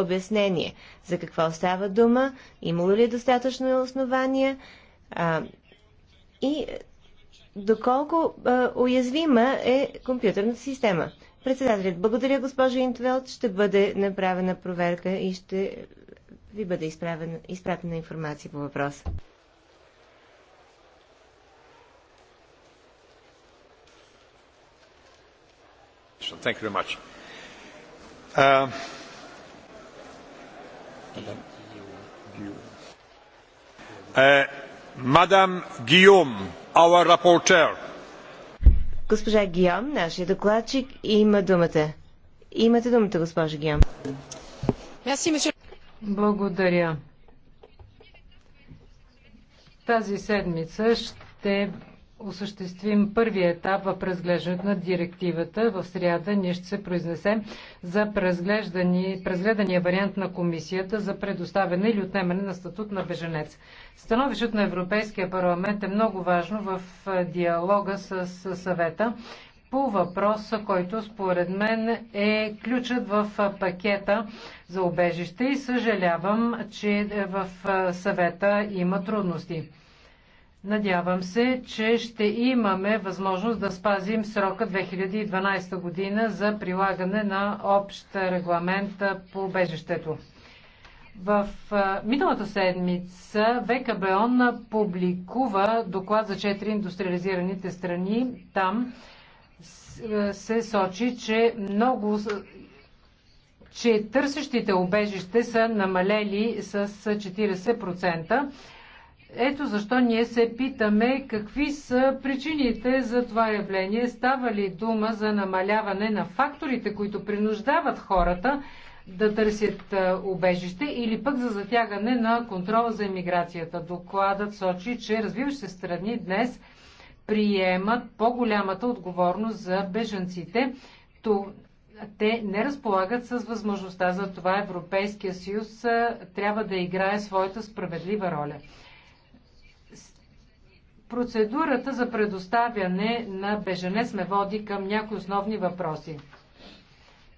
обяснение за какво става дума, имало ли е достатъчно основания а, и доколко а, уязвима е компютърната система. Председателят, благодаря госпожа Интвелт, ще бъде направена проверка и ще ви бъде изправена, изпратена информация по въпроса. Thank you very much. Uh... Uh, our rapporteur. Госпожа Гиом, нашия докладчик, има думата. Имате думата, госпожа Гиом. Благодаря. Тази седмица ще осъществим първия етап в разглеждането на директивата. В среда ние ще се произнесем за презгледания вариант на комисията за предоставяне или отнемане на статут на беженец. Становището на Европейския парламент е много важно в диалога с съвета по въпроса, който според мен е ключът в пакета за обежище и съжалявам, че е, в съвета има трудности. Надявам се, че ще имаме възможност да спазим срока 2012 година за прилагане на общ регламент по бежището. В миналата седмица ВКБОН публикува доклад за четири индустриализираните страни. Там се сочи, че много че търсещите обежище са намалели с 40%. Ето защо ние се питаме какви са причините за това явление. Става ли дума за намаляване на факторите, които принуждават хората да търсят убежище или пък за затягане на контрола за иммиграцията. Докладът сочи, че се страни днес приемат по-голямата отговорност за бежанците. То, те не разполагат с възможността за това Европейския съюз трябва да играе своята справедлива роля. Процедурата за предоставяне на беженец ме води към някои основни въпроси.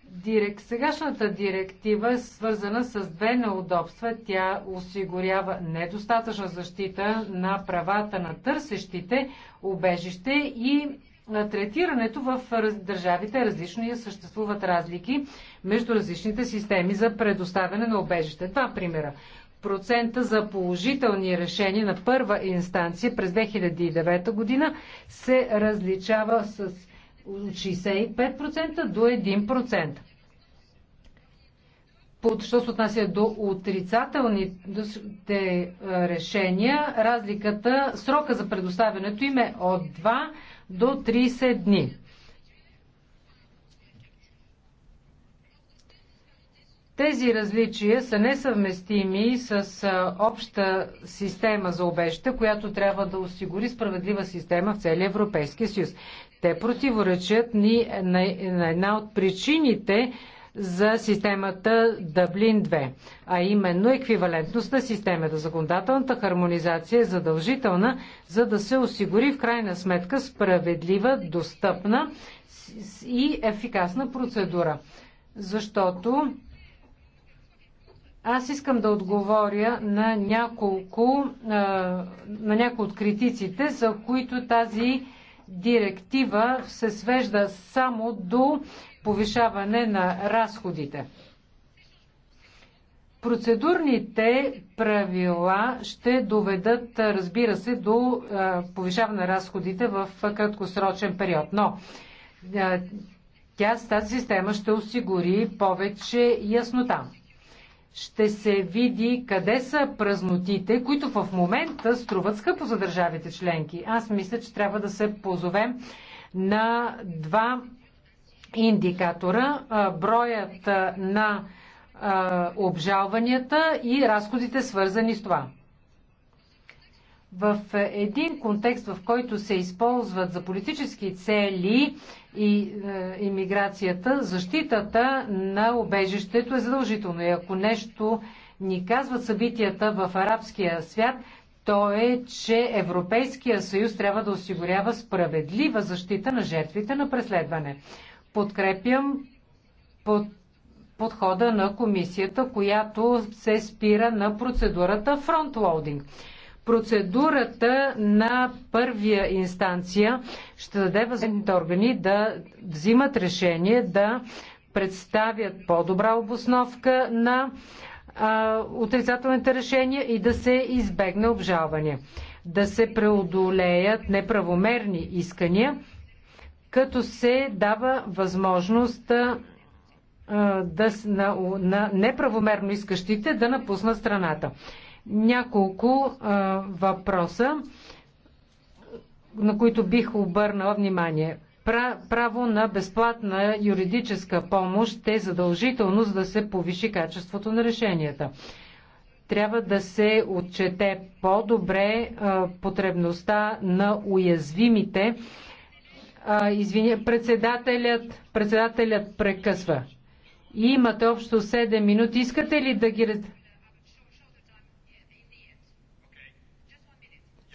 Дирек, сегашната директива е свързана с две неудобства. Тя осигурява недостатъчна защита на правата на търсещите убежище и третирането в държавите е различно и съществуват разлики между различните системи за предоставяне на обежище. Два примера процента за положителни решения на първа инстанция през 2009 година се различава с 65% до 1%. По, що се отнася до отрицателните е, решения, разликата, срока за предоставянето им е от 2 до 30 дни. Тези различия са несъвместими с обща система за обеща, която трябва да осигури справедлива система в целия Европейския съюз. Те противоречат ни на една от причините, за системата Дъблин 2, а именно еквивалентност на системата. Законодателната хармонизация е задължителна, за да се осигури в крайна сметка справедлива, достъпна и ефикасна процедура. Защото аз искам да отговоря на няколко, на няколко от критиците, за които тази директива се свежда само до повишаване на разходите. Процедурните правила ще доведат, разбира се, до повишаване на разходите в краткосрочен период. Но тя с тази система ще осигури повече яснота ще се види къде са празнотите, които в момента струват скъпо за държавите членки. Аз мисля, че трябва да се позовем на два индикатора. Броят на обжалванията и разходите свързани с това в един контекст, в който се използват за политически цели и е, иммиграцията, защитата на обежището е задължително. И ако нещо ни казват събитията в арабския свят, то е, че Европейския съюз трябва да осигурява справедлива защита на жертвите на преследване. Подкрепям под подхода на комисията, която се спира на процедурата фронтлоудинг. Процедурата на първия инстанция ще даде възможните органи да взимат решение да представят по-добра обосновка на а, отрицателните решения и да се избегне обжалване. Да се преодолеят неправомерни искания, като се дава възможност да, на, на неправомерно искащите да напуснат страната няколко а, въпроса, на които бих обърнала внимание. Право на безплатна юридическа помощ е задължително, за да се повиши качеството на решенията. Трябва да се отчете по-добре потребността на уязвимите. А, извиня, председателят, председателят прекъсва. Имате общо 7 минути. Искате ли да ги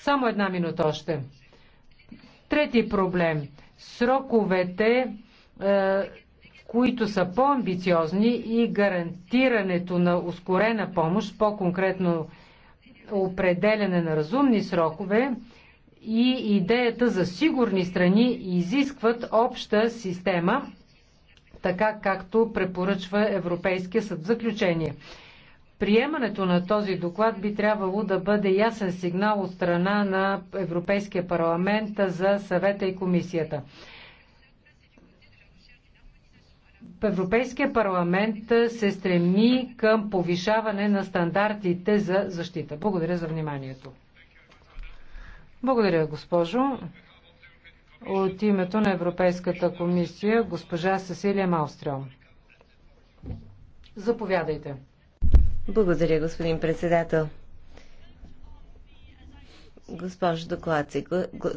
Само една минута още. Трети проблем. Сроковете, е, които са по-амбициозни и гарантирането на ускорена помощ, по-конкретно определене на разумни срокове и идеята за сигурни страни изискват обща система, така както препоръчва Европейския съд. В заключение, Приемането на този доклад би трябвало да бъде ясен сигнал от страна на Европейския парламент за съвета и комисията. Европейския парламент се стреми към повишаване на стандартите за защита. Благодаря за вниманието. Благодаря, госпожо. От името на Европейската комисия, госпожа Сесилия Маустрел. Заповядайте. Благодаря, господин председател. Госпожо докладчик,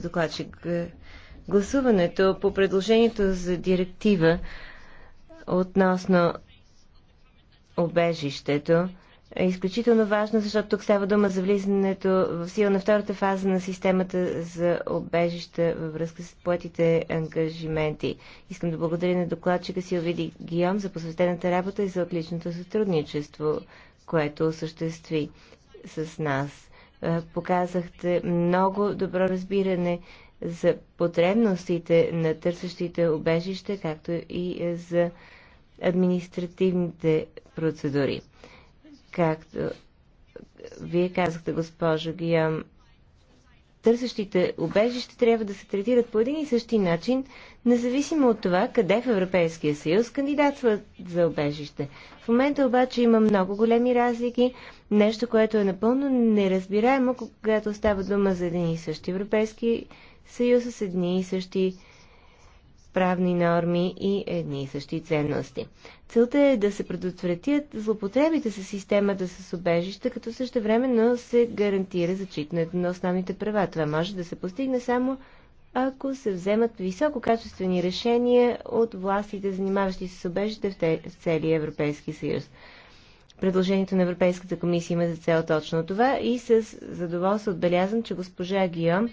докладчик, гласуването по предложението за директива относно обежището е изключително важно, защото тук става дума за влизането в сила на втората фаза на системата за обежища във връзка с платите ангажименти. Искам да благодаря на докладчика Силвиди Гиом за посветената работа и за отличното сътрудничество което осъществи с нас. Показахте много добро разбиране за потребностите на търсещите обежище, както и за административните процедури. Както вие казахте, госпожо Гиям, търсещите убежище трябва да се третират по един и същи начин, независимо от това къде в Европейския съюз кандидатстват за обежище. В момента обаче има много големи разлики, нещо, което е напълно неразбираемо, когато става дума за един и същи Европейски съюз с едни и същи правни норми и едни и същи ценности. Целта е да се предотвратят злопотребите с системата с обежища, като времено се гарантира зачитането на основните права. Това може да се постигне само ако се вземат висококачествени решения от властите, занимаващи се с обежища в целия Европейски съюз. Предложението на Европейската комисия има за цел точно това и с задоволство отбелязвам, че госпожа Гиом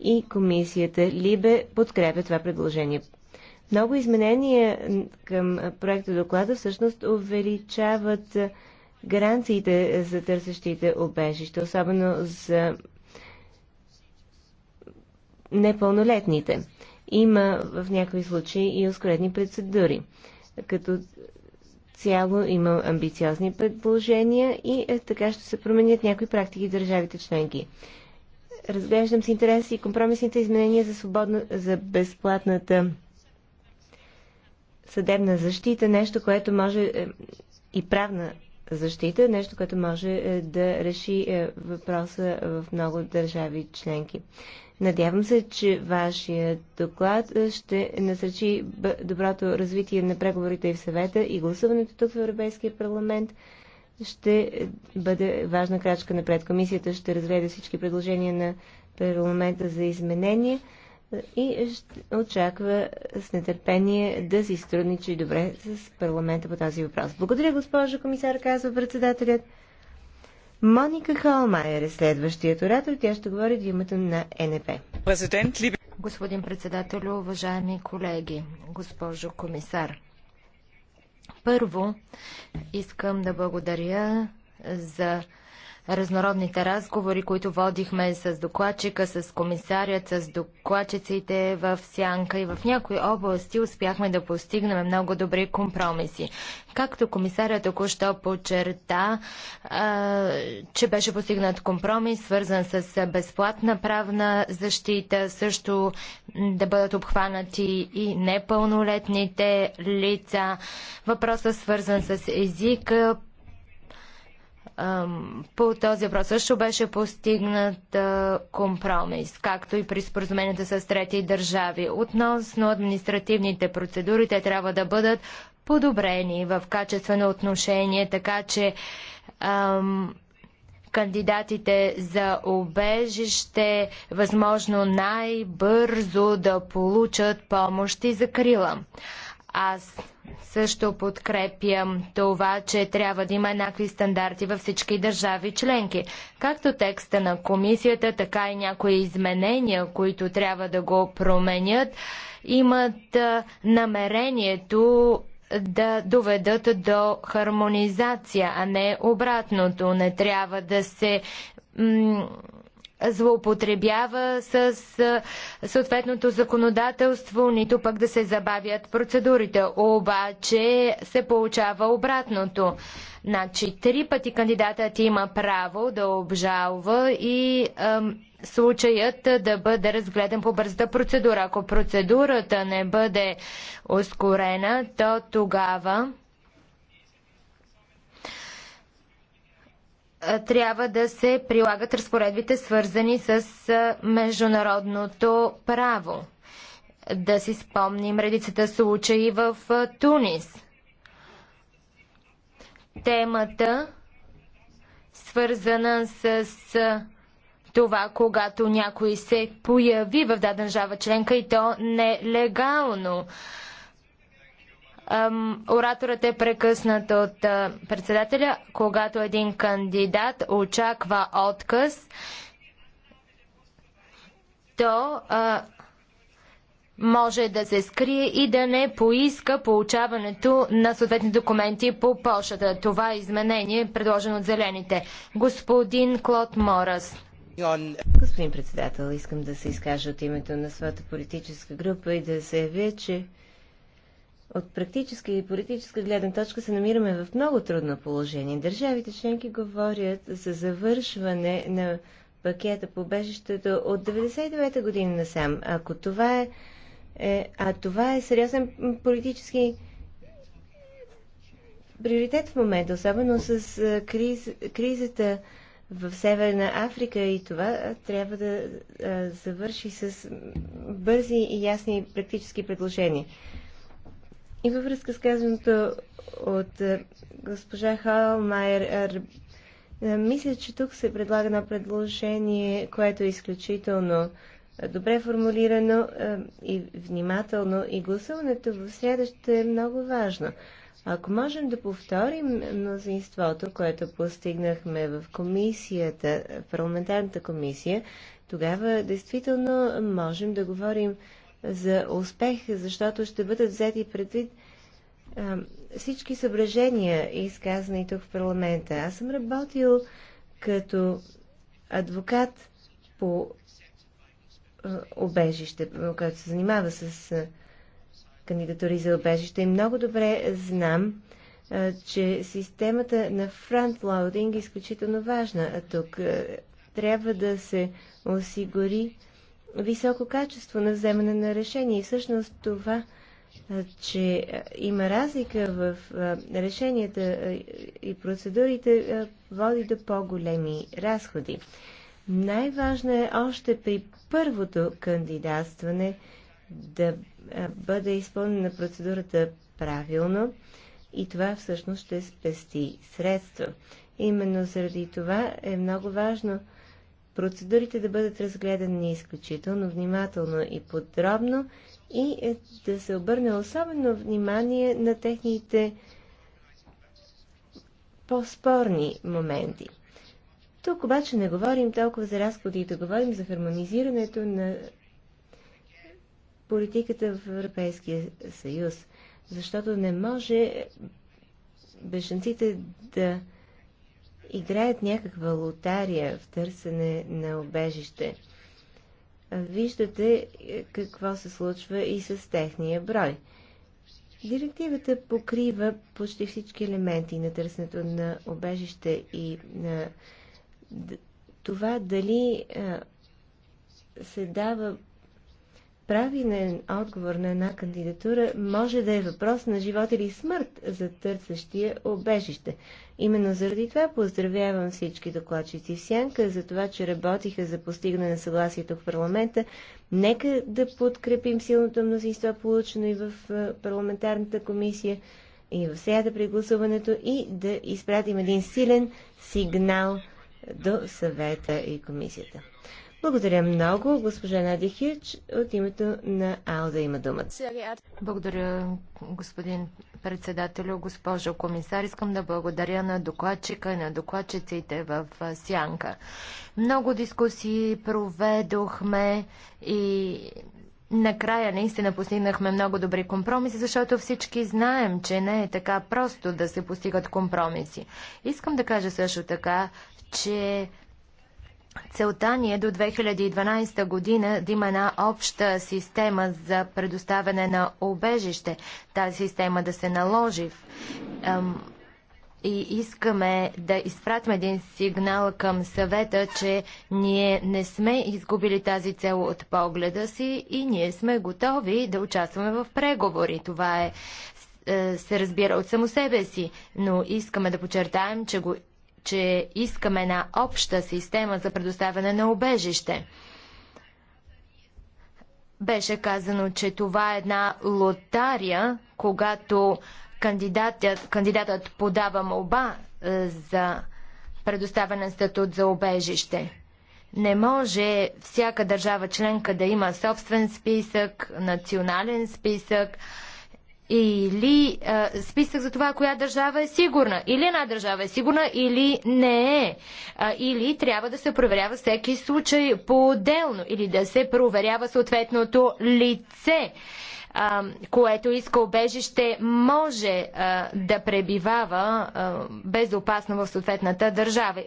и комисията Либе подкрепя това предложение. Много изменения към проекта доклада всъщност увеличават гаранциите за търсещите обежище, особено за непълнолетните. Има в някои случаи и ускоредни процедури. Като цяло има амбициозни предложения и е, така ще се променят някои практики в държавите членки. Разглеждам с интерес и компромисните изменения за, свободна, за безплатната съдебна защита, нещо, което може е, и правна защита, нещо, което може е, да реши е, въпроса в много държави членки. Надявам се, че вашия доклад ще насърчи доброто развитие на преговорите и в съвета и гласуването тук в Европейския парламент ще бъде важна крачка напред. Комисията ще разгледа всички предложения на парламента за изменение и очаква с нетърпение да си и добре с парламента по този въпрос. Благодаря, госпожо комисар, казва председателят. Моника Холмайер е следващият оратор. Тя ще говори в името на НП. Господин председател, уважаеми колеги, госпожо комисар. Първо, искам да благодаря за разнородните разговори, които водихме с докладчика, с комисарят, с докладчиците в Сянка и в някои области успяхме да постигнем много добри компромиси. Както комисарят току-що подчерта, че беше постигнат компромис, свързан с безплатна правна защита, също да бъдат обхванати и непълнолетните лица. Въпросът свързан с езика, по този въпрос също беше постигнат компромис, както и при споразуменията с трети държави. Относно административните процедури, те трябва да бъдат подобрени в качествено отношение, така че ам, кандидатите за обежище възможно най-бързо да получат помощ и закрила. Аз също подкрепям това, че трябва да има еднакви стандарти във всички държави членки. Както текста на комисията, така и някои изменения, които трябва да го променят, имат намерението да доведат до хармонизация, а не обратното. Не трябва да се злоупотребява с съответното законодателство, нито пък да се забавят процедурите. Обаче се получава обратното. Значи три пъти кандидатът има право да обжалва и ем, случаят да бъде разгледан по бързата процедура. Ако процедурата не бъде ускорена, то тогава Е, трябва да се прилагат разпоредбите, свързани с е, международното право. Да си спомним редицата случаи в е, Тунис. Темата, свързана с това, когато някой се появи в даден държава членка и то нелегално. Ораторът е прекъснат от председателя, когато един кандидат очаква отказ, то а, може да се скрие и да не поиска получаването на съответни документи по Польшата. Това е изменение, предложено от зелените. Господин Клод Морас. Господин председател, искам да се изкажа от името на своята политическа група и да заявя, че от практическа и политическа гледна точка се намираме в много трудно положение. Държавите членки говорят за завършване на пакета по бежището от 99-та година насам. Ако това е, е, а това е сериозен политически приоритет в момента, особено с е, криз, кризата в Северна Африка и това трябва да завърши с бързи и ясни практически предложения. И във връзка с казаното от е, госпожа Халмайер, е, е, мисля, че тук се предлага на предложение, което е изключително добре формулирано и внимателно и гласуването в среда ще е много важно. Ако можем да повторим мнозинството, което постигнахме в комисията, в парламентарната комисия, тогава действително можем да говорим за успех, защото ще бъдат взети предвид а, всички съображения, изказани тук в парламента. Аз съм работил като адвокат по обежище, който се занимава с кандидатури за обежище и много добре знам, че системата на фронтлоудинг е изключително важна. А тук трябва да се осигури високо качество на вземане на решение. И всъщност това, че има разлика в решенията и процедурите, води до по-големи разходи. Най-важно е още при първото кандидатстване да бъде изпълнена процедурата правилно и това всъщност ще спести средства. Именно заради това е много важно процедурите да бъдат разгледани изключително внимателно и подробно и е, да се обърне особено внимание на техните по-спорни моменти. Тук обаче не говорим толкова за разходите, говорим за хармонизирането на политиката в Европейския съюз, защото не може беженците да играят някаква лотария в търсене на обежище. Виждате е, какво се случва и с техния брой. Директивата покрива почти всички елементи на търсенето на обежище и на това дали се дава правилен отговор на една кандидатура може да е въпрос на живот или смърт за търсещия обежище. Именно заради това поздравявам всички докладчици в Сянка за това, че работиха за постигане на съгласието в парламента. Нека да подкрепим силното мнозинство, получено и в е, парламентарната комисия, и в среда при гласуването, и да изпратим един силен сигнал до съвета и комисията. Благодаря много. Госпожа Нади Хирч от името на АЛДА има думата. Благодаря, господин председател, госпожо комисар. Искам да благодаря на докладчика и на докладчиците в Сянка. Много дискусии проведохме и накрая наистина постигнахме много добри компромиси, защото всички знаем, че не е така просто да се постигат компромиси. Искам да кажа също така, че Целта ни е до 2012 година да има една обща система за предоставяне на обежище. Тази система да се наложи. И искаме да изпратим един сигнал към съвета, че ние не сме изгубили тази цел от погледа си и ние сме готови да участваме в преговори. Това е, е се разбира от само себе си, но искаме да подчертаем, че го че искаме една обща система за предоставяне на убежище. Беше казано, че това е една лотария, когато кандидатът, кандидатът подава молба е, за предоставен статут за обежище. Не може всяка държава членка да има собствен списък, национален списък или а, списък за това коя държава е сигурна. Или една държава е сигурна, или не е. А, или трябва да се проверява всеки случай по-отделно, или да се проверява съответното лице, а, което иска обежище, може а, да пребивава а, безопасно в съответната държава.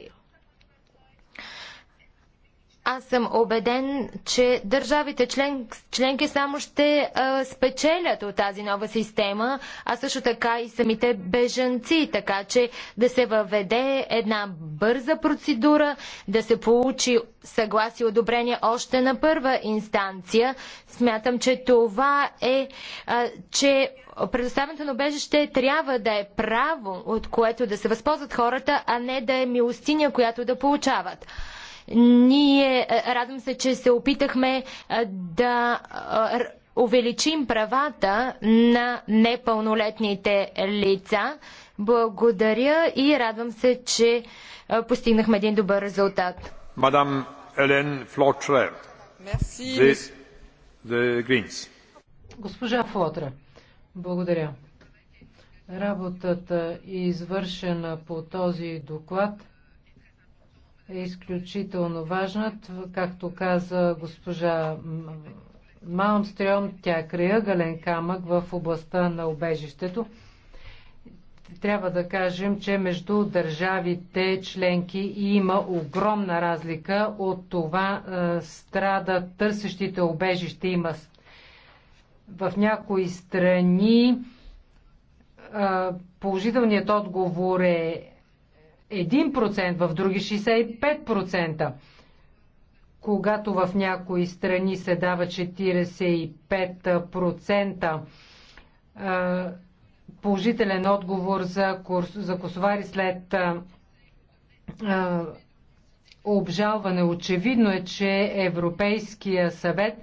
Аз съм убеден, че държавите член, членки само ще а, спечелят от тази нова система, а също така и самите бежанци, така че да се въведе една бърза процедура, да се получи съгласие и одобрение още на първа инстанция. Смятам, че това е, а, че предоставянето на бежище трябва да е право, от което да се възползват хората, а не да е милостиня, която да получават. Ние е, радвам се, че се опитахме е, да е, увеличим правата на непълнолетните лица. Благодаря и радвам се, че постигнахме един добър резултат. Мадам Елен Флотре. Госпожа Флотре, благодаря. Работата, извършена по този доклад, е изключително важна. Както каза госпожа Малмстрём, тя е краягален камък в областта на убежището. Трябва да кажем, че между държавите членки има огромна разлика. От това е, страда търсещите убежище. Има в някои страни е, положителният отговор е 1%, в други 65%. Когато в някои страни се дава 45% положителен отговор за, курс, за косовари след обжалване. Очевидно е, че Европейския съвет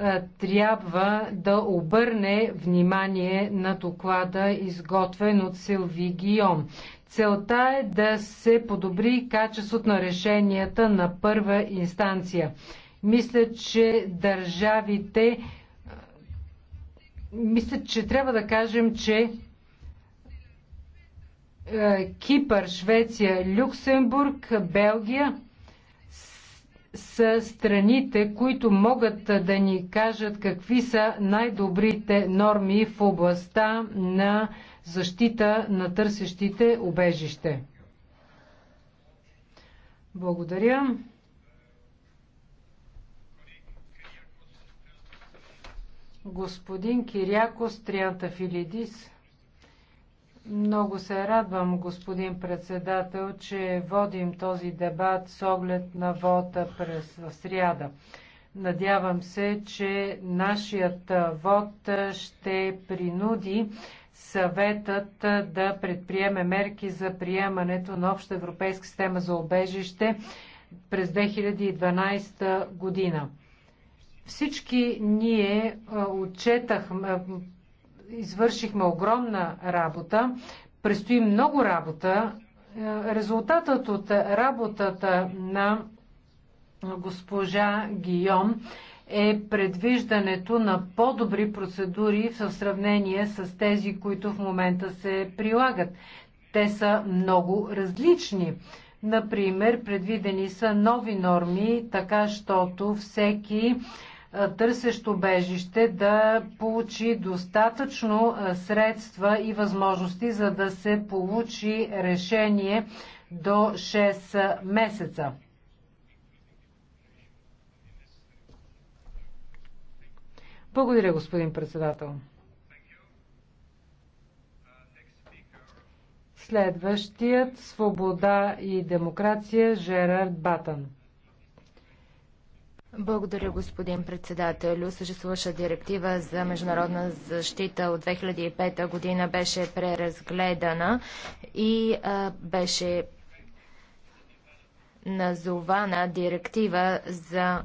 е, трябва да обърне внимание на доклада, изготвен от Силви Гион. Целта е да се подобри качеството на решенията на първа инстанция. Мисля, че държавите. Е, мисля, че трябва да кажем, че е, Кипър, Швеция, Люксембург, Белгия са страните, които могат да ни кажат какви са най-добрите норми в областта на защита на търсещите убежище. Благодаря. Господин Кирякос Триантафилидис. Много се радвам, господин председател, че водим този дебат с оглед на вота през сряда. Надявам се, че нашият вод ще принуди съветът да предприеме мерки за приемането на обща европейска система за обежище през 2012 година. Всички ние отчетахме, извършихме огромна работа. Предстои много работа. Е, резултатът от работата на госпожа Гийом е предвиждането на по-добри процедури в сравнение с тези, които в момента се прилагат. Те са много различни. Например, предвидени са нови норми, така щото всеки е, търсещо бежище да получи достатъчно е, средства и възможности, за да се получи решение до 6 месеца. Благодаря, господин председател. Следващият Свобода и демокрация Жерард Батън. Благодаря, господин председател. Съществуваща директива за международна защита от 2005 година беше преразгледана и а, беше назована директива за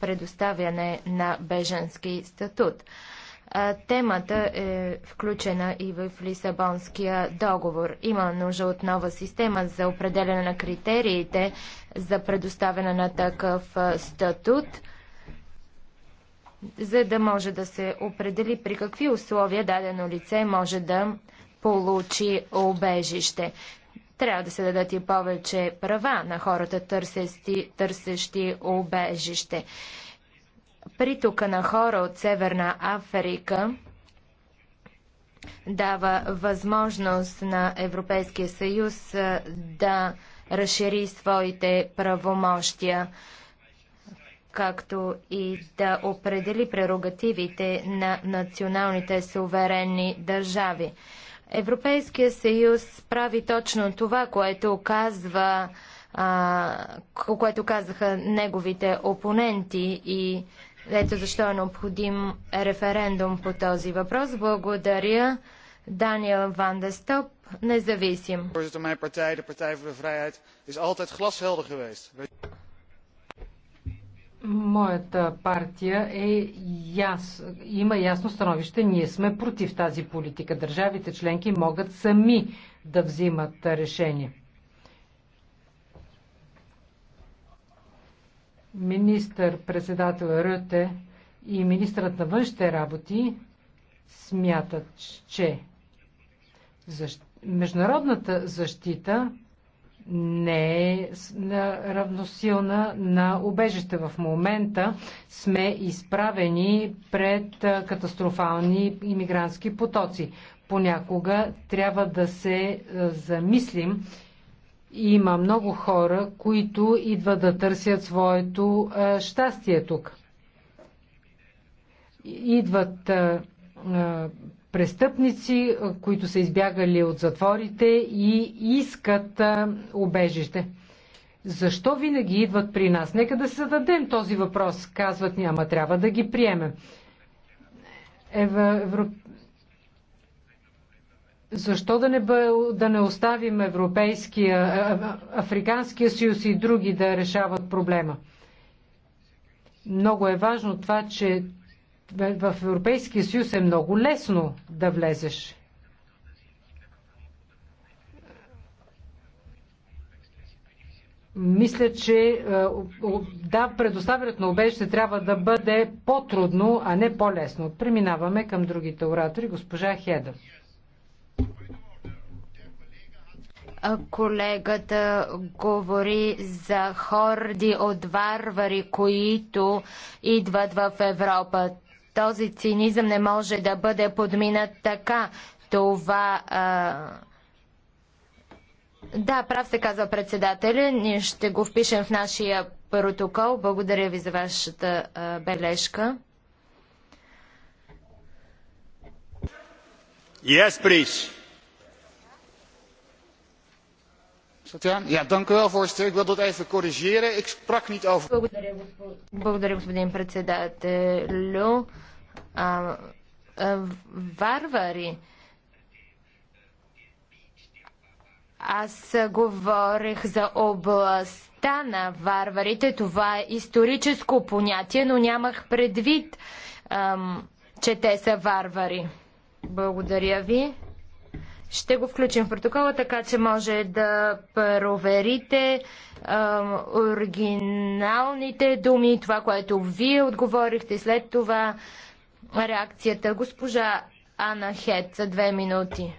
предоставяне на беженски статут. Темата е включена и в Лисабонския договор. Има нужда от нова система за определене на критериите за предоставяне на такъв статут, за да може да се определи при какви условия дадено лице може да получи обежище. Трябва да се дадат и повече права на хората, търсещи, търсещи обежище. Притока на хора от Северна Африка дава възможност на Европейския съюз да разшири своите правомощия, както и да определи прерогативите на националните суверенни държави. Европейския съюз прави точно това, което казва което казаха неговите опоненти и ето защо е необходим референдум по този въпрос. Благодаря Даниел Ван де Стоп, независим. Моята партия е яс... има ясно становище. Ние сме против тази политика. Държавите членки могат сами да взимат решение. министър-председател Ръте и министърът на външните работи смятат, че защ... международната защита не е равносилна на убежище. В момента сме изправени пред катастрофални иммигрантски потоци. Понякога трябва да се замислим има много хора, които идват да търсят своето щастие тук. Идват престъпници, които са избягали от затворите и искат убежище. Защо винаги идват при нас? Нека да се зададем този въпрос. Казват няма трябва да ги приемем. Ева, Европ... Защо да не, бъ, да не оставим Европейския, Африканския съюз и други да решават проблема? Много е важно това, че в Европейския съюз е много лесно да влезеш. Мисля, че да, предоставянето на обежище трябва да бъде по-трудно, а не по-лесно. Преминаваме към другите оратори. Госпожа Хеда. Колегата говори за хорди от варвари, които идват в Европа. Този цинизъм не може да бъде подминат така. Това. А... Да, прав се казва председателя. Ние ще го впишем в нашия протокол. Благодаря ви за вашата а, бележка. Yes, please. Благодаря, господин председателю. варвари. Аз говорех за областта на варварите. Това е историческо понятие, но нямах предвид, че те са варвари. Благодаря ви. Ще го включим в протокола, така че може да проверите а, оригиналните думи, това, което вие отговорихте след това реакцията. Госпожа Ана Хет за две минути.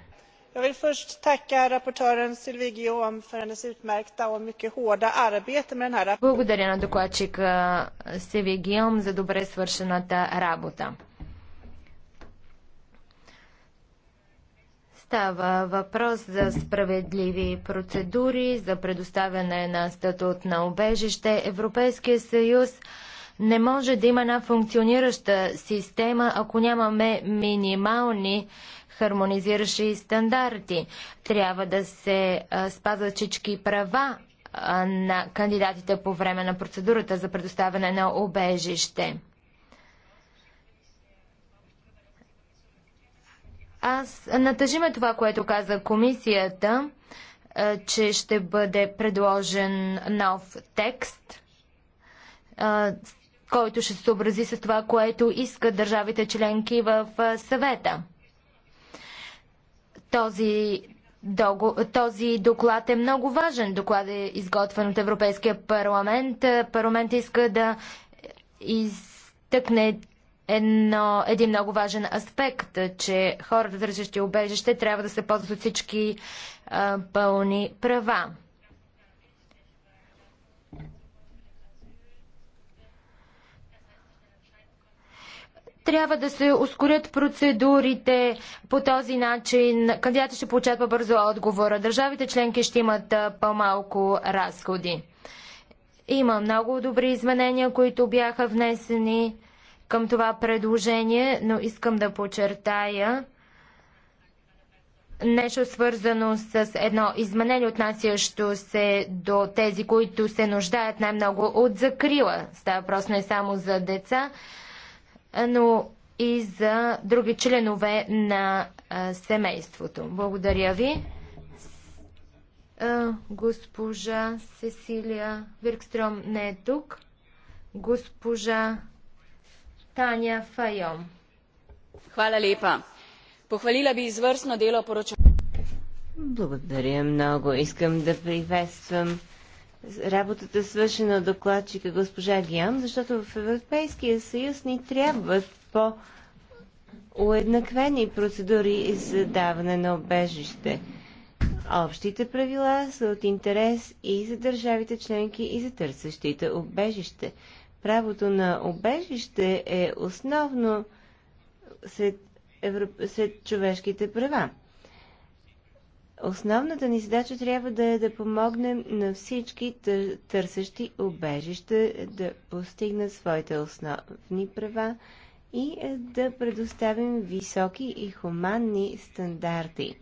Jag vill först tacka rapportören Sylvie Guillaume för hennes utmärkta och mycket hårda arbete med den här rapporten. Благодаря на докладчика Силви Гиом за добре свършената работа. Става въпрос за справедливи процедури, за предоставяне на статут на обежище. Европейския съюз не може да има една функционираща система, ако нямаме минимални хармонизиращи стандарти. Трябва да се спазват всички права на кандидатите по време на процедурата за предоставяне на обежище. Аз натъжиме това, което каза комисията, че ще бъде предложен нов текст, който ще се съобрази с това, което искат държавите членки в съвета. Този, този доклад е много важен. Доклад е изготвен от Европейския парламент. Парламент иска да изтъкне едно, един много важен аспект, че хората, държащи убежище, трябва да се ползват от всички а, пълни права. Трябва да се ускорят процедурите по този начин. Кандидатите ще получат по-бързо отговора. Държавите членки ще имат по-малко разходи. Има много добри изменения, които бяха внесени към това предложение, но искам да подчертая нещо свързано с едно изменение, отнасящо се до тези, които се нуждаят най-много от закрила. Става въпрос не само за деца, но и за други членове на а, семейството. Благодаря ви. А, госпожа Сесилия Виркстром не е тук. Госпожа Tanja Fajon. Hvala lepa. Похвалила би извърсно дело поручването. Благодаря много. Искам да приветствам работата свършена от докладчика госпожа Гиан, защото в Европейския съюз ни трябват по уеднаквени процедури за даване на обежище. Общите правила са от интерес и за държавите членки, и за търсещите обежище. Правото на обежище е основно сред, евро... сред човешките права. Основната ни задача трябва да е да помогнем на всички търсещи обежище да постигнат своите основни права и е, да предоставим високи и хуманни стандарти.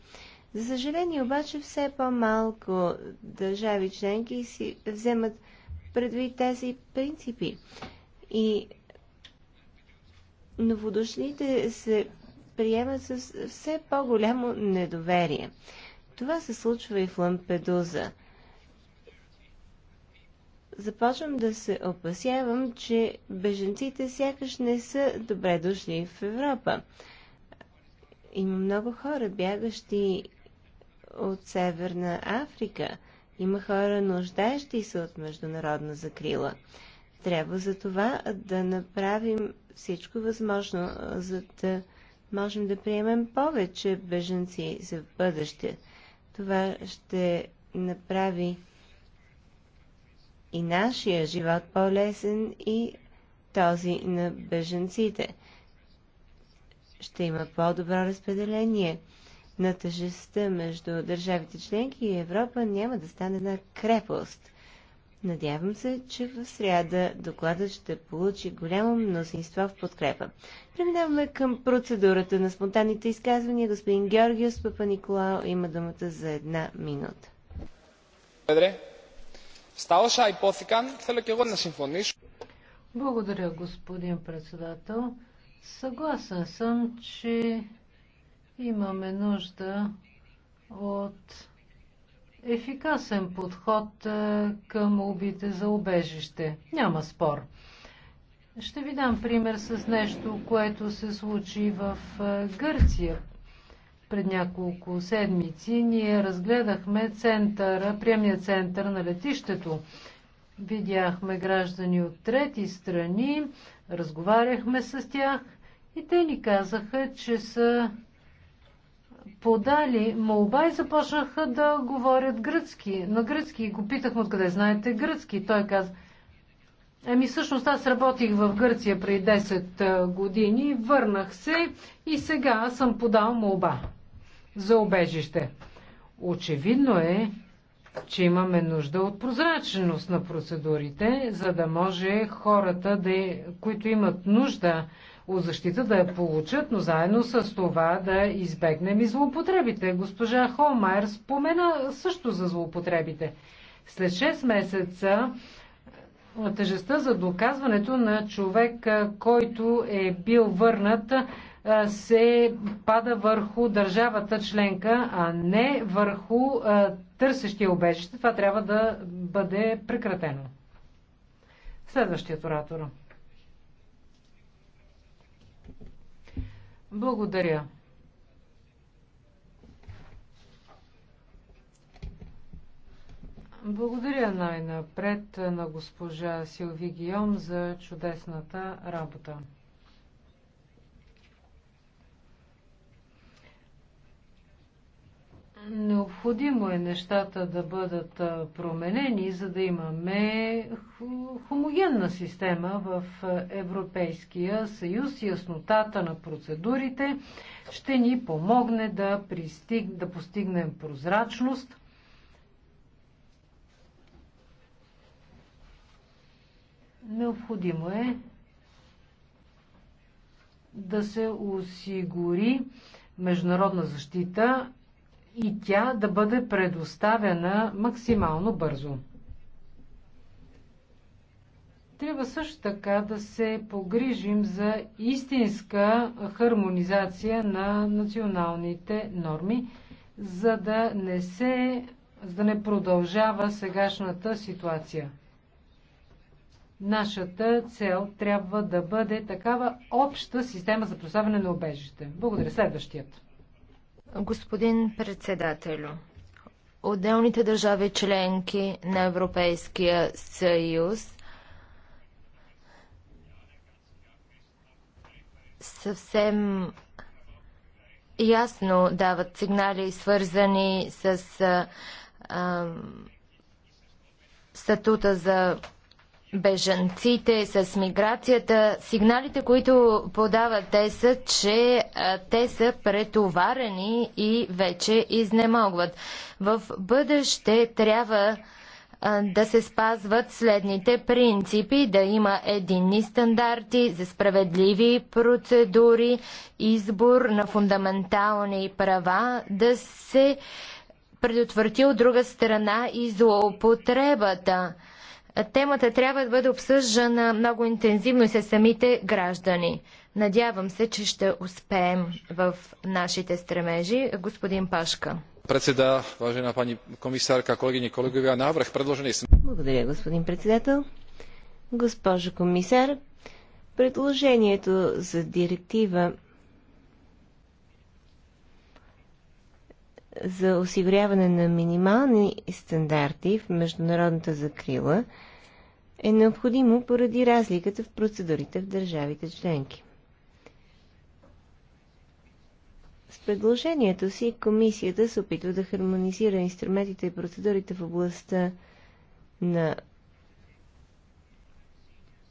За съжаление обаче все по-малко държави членки си вземат предвид тези принципи. И новодошлите се приемат с все по-голямо недоверие. Това се случва и в Лампедуза. Започвам да се опасявам, че беженците сякаш не са добре дошли в Европа. Има много хора, бягащи от Северна Африка – има хора, нуждаещи се от международна закрила. Трябва за това да направим всичко възможно, за да можем да приемем повече беженци за бъдеще. Това ще направи и нашия живот по-лесен и този на беженците. Ще има по-добро разпределение на тъжеста между държавите членки и Европа няма да стане на крепост. Надявам се, че в среда докладът ще получи голямо мнозинство в подкрепа. Преминаваме към процедурата на спонтанните изказвания. Господин Георгиос Папа Николао има думата за една минута. Благодаря, господин председател. Съгласен съм, че Имаме нужда от ефикасен подход е, към убите за убежище. Няма спор. Ще ви дам пример с нещо, което се случи в е, Гърция пред няколко седмици. Ние разгледахме центъра, приемния център на летището. Видяхме граждани от трети страни, разговаряхме с тях и те ни казаха, че са подали молба и започнаха да говорят гръцки, на гръцки. И го питахме откъде знаете гръцки. Той каза, Ами всъщност аз работих в Гърция преди 10 години, върнах се и сега съм подал молба за обежище. Очевидно е, че имаме нужда от прозрачност на процедурите, за да може хората, да, които имат нужда от защита да я получат, но заедно с това да избегнем и злоупотребите. Госпожа Холмайер спомена също за злоупотребите. След 6 месеца тежестта за доказването на човек, който е бил върнат, се пада върху държавата членка, а не върху търсещия обежище. Това трябва да бъде прекратено. Следващият оратор. Благодаря. Благодаря най-напред на госпожа Силви Гиом за чудесната работа. Необходимо е нещата да бъдат променени, за да имаме хомогенна система в Европейския съюз. Яснотата на процедурите ще ни помогне да, пристиг, да постигнем прозрачност. Необходимо е да се осигури международна защита и тя да бъде предоставена максимално бързо. Трябва също така да се погрижим за истинска хармонизация на националните норми, за да не, се, за да не продължава сегашната ситуация. Нашата цел трябва да бъде такава обща система за предоставяне на обежище. Благодаря. Следващият. Господин председателю, отделните държави членки на Европейския съюз съвсем ясно дават сигнали, свързани с а, а, статута за бежанците, с миграцията. Сигналите, които подават те са, че те са претоварени и вече изнемогват. В бъдеще трябва да се спазват следните принципи, да има единни стандарти за справедливи процедури, избор на фундаментални права, да се предотврати от друга страна и злоупотребата. Темата трябва да бъде обсъждана много интензивно и с самите граждани. Надявам се, че ще успеем в нашите стремежи. Господин Пашка. Председа, важена пани комисарка, колеги и колеги, навръх предложени сме. Благодаря, господин председател. Госпожо комисар, предложението за директива за осигуряване на минимални стандарти в международната закрила – е необходимо поради разликата в процедурите в държавите членки. С предложението си комисията се опитва да хармонизира инструментите и процедурите в областта на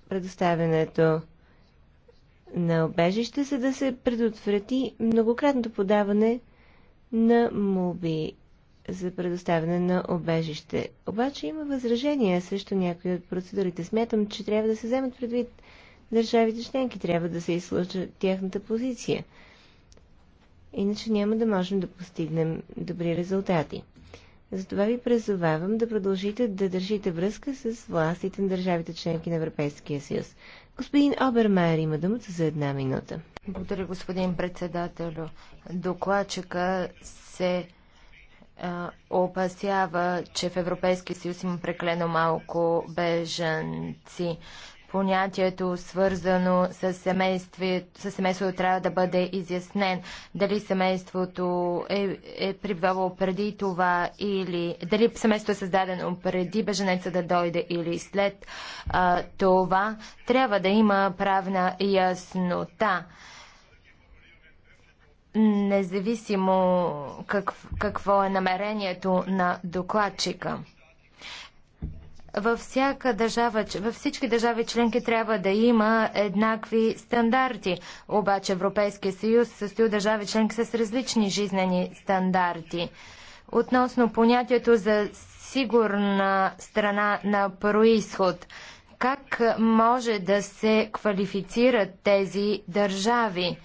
предоставянето на обежище, за да се предотврати многократното подаване на молби за предоставяне на обежище. Обаче има възражения срещу някои от процедурите. Смятам, че трябва да се вземат предвид държавите членки, трябва да се изслуша тяхната позиция. Иначе няма да можем да постигнем добри резултати. Затова ви призовавам да продължите да държите връзка с властите на държавите членки на Европейския съюз. Господин Обермайер има думата за една минута. Благодаря, господин председател, Докладчика се опасява, че в Европейския съюз има преклено малко бежанци. Понятието, свързано с, с семейството, трябва да бъде изяснен. Дали семейството е, е прибивало преди това или дали семейството е създадено преди беженеца да дойде или след а, това, трябва да има правна яснота независимо как, какво е намерението на докладчика. Във, всяка държава, във всички държави членки трябва да има еднакви стандарти. Обаче Европейския съюз състои от държави членки с различни жизнени стандарти. Относно понятието за сигурна страна на происход, как може да се квалифицират тези държави?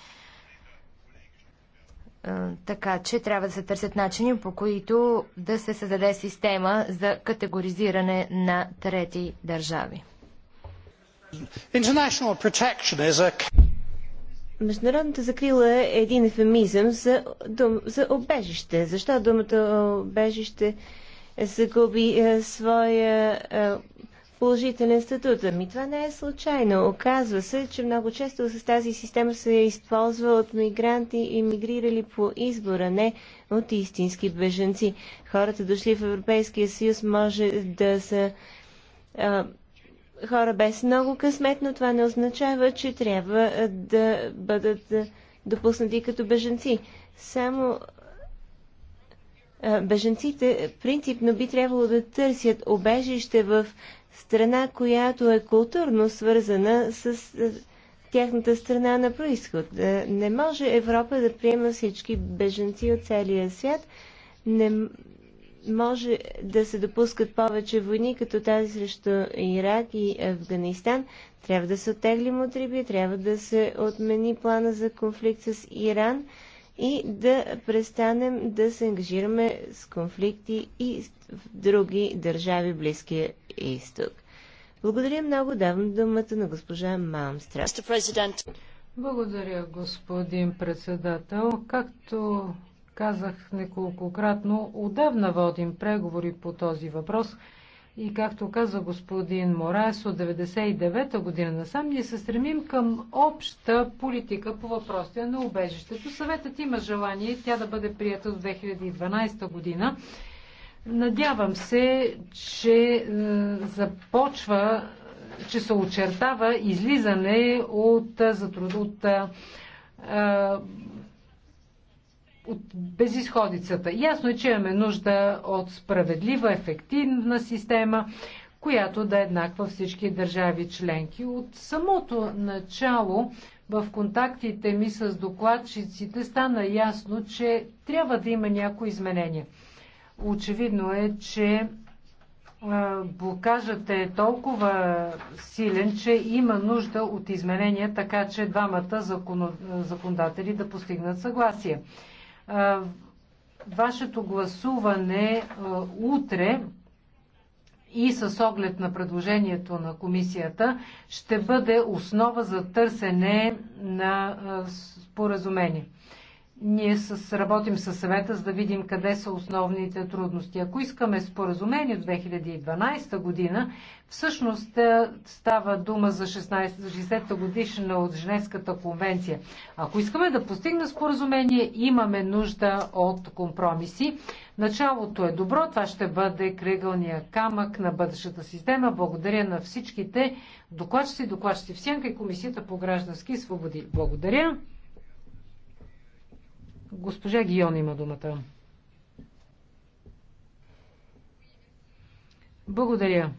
така че трябва да се търсят начини, по които да се създаде система за категоризиране на трети държави. Международната закрила е един ефемизъм за, дум, за обежище. Защо думата обежище загуби е, своя е, положителен статут. Ами това не е случайно. Оказва се, че много често с тази система се използва от мигранти, иммигрирали по избора, не от истински беженци. Хората дошли в Европейския съюз може да са а, хора без много късмет, но това не означава, че трябва да бъдат допуснати като беженци. Само беженците принципно би трябвало да търсят обежище в страна, която е културно свързана с е, тяхната страна на происход. Е, не може Европа да приема всички беженци от целия свят. Не може да се допускат повече войни, като тази срещу Ирак и Афганистан. Трябва да се оттеглим от Риби, трябва да се отмени плана за конфликт с Иран – и да престанем да се ангажираме с конфликти и в други държави Близкия изток. Благодаря много. Давам думата на госпожа Малмстра. Благодаря, господин председател. Както казах неколкократно, отдавна водим преговори по този въпрос – и както каза господин Морайс, от 1999 година насам ние се стремим към обща политика по въпросите на убежището. Съветът има желание тя да бъде прията от 2012 година. Надявам се, че е, започва, че се очертава излизане от, е, от, от е, от безисходицата. Ясно е, че имаме нужда от справедлива, ефективна система, която да е еднаква всички държави членки. От самото начало в контактите ми с докладчиците стана ясно, че трябва да има някои изменения. Очевидно е, че блокажът е толкова силен, че има нужда от изменения, така че двамата законодатели да постигнат съгласие вашето гласуване утре и с оглед на предложението на комисията ще бъде основа за търсене на споразумение. Ние с, работим със съвета, за да видим къде са основните трудности. Ако искаме споразумение от 2012 година, всъщност е, става дума за 60-та годишна от Женевската конвенция. Ако искаме да постигна споразумение, имаме нужда от компромиси. Началото е добро, това ще бъде кръгълния камък на бъдещата система. Благодаря на всичките докладчици, докладчици в Сянка и Комисията по граждански свободи. Благодаря. Госпожа Гион има думата. Благодаря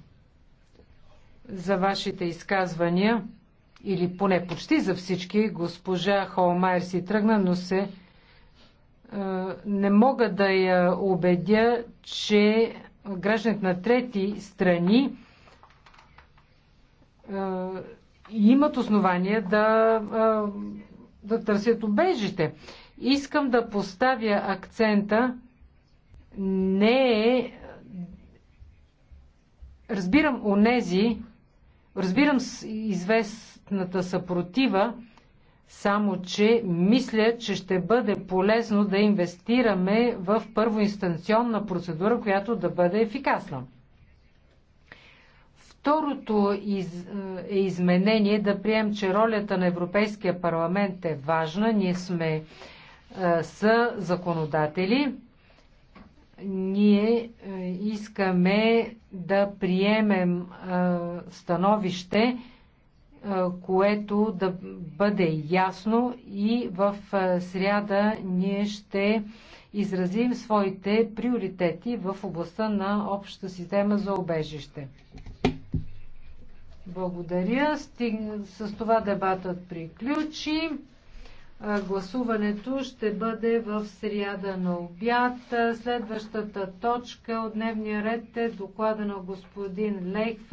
за вашите изказвания, или поне почти за всички. Госпожа Холмайер си тръгна, но се не мога да я убедя, че гражданите на трети страни имат основания да, да търсят убежище. Искам да поставя акцента не е разбирам онези, разбирам известната съпротива, само че мисля, че ще бъде полезно да инвестираме в първоинстанционна процедура, която да бъде ефикасна. Второто из, е изменение да прием, че ролята на Европейския парламент е важна. Ние сме са законодатели. Ние искаме да приемем становище, което да бъде ясно и в сряда ние ще изразим своите приоритети в областта на общата система за обежище. Благодаря. С това дебатът приключи. Гласуването ще бъде в сряда на обяд. Следващата точка от дневния ред е доклада на господин Лейхфред.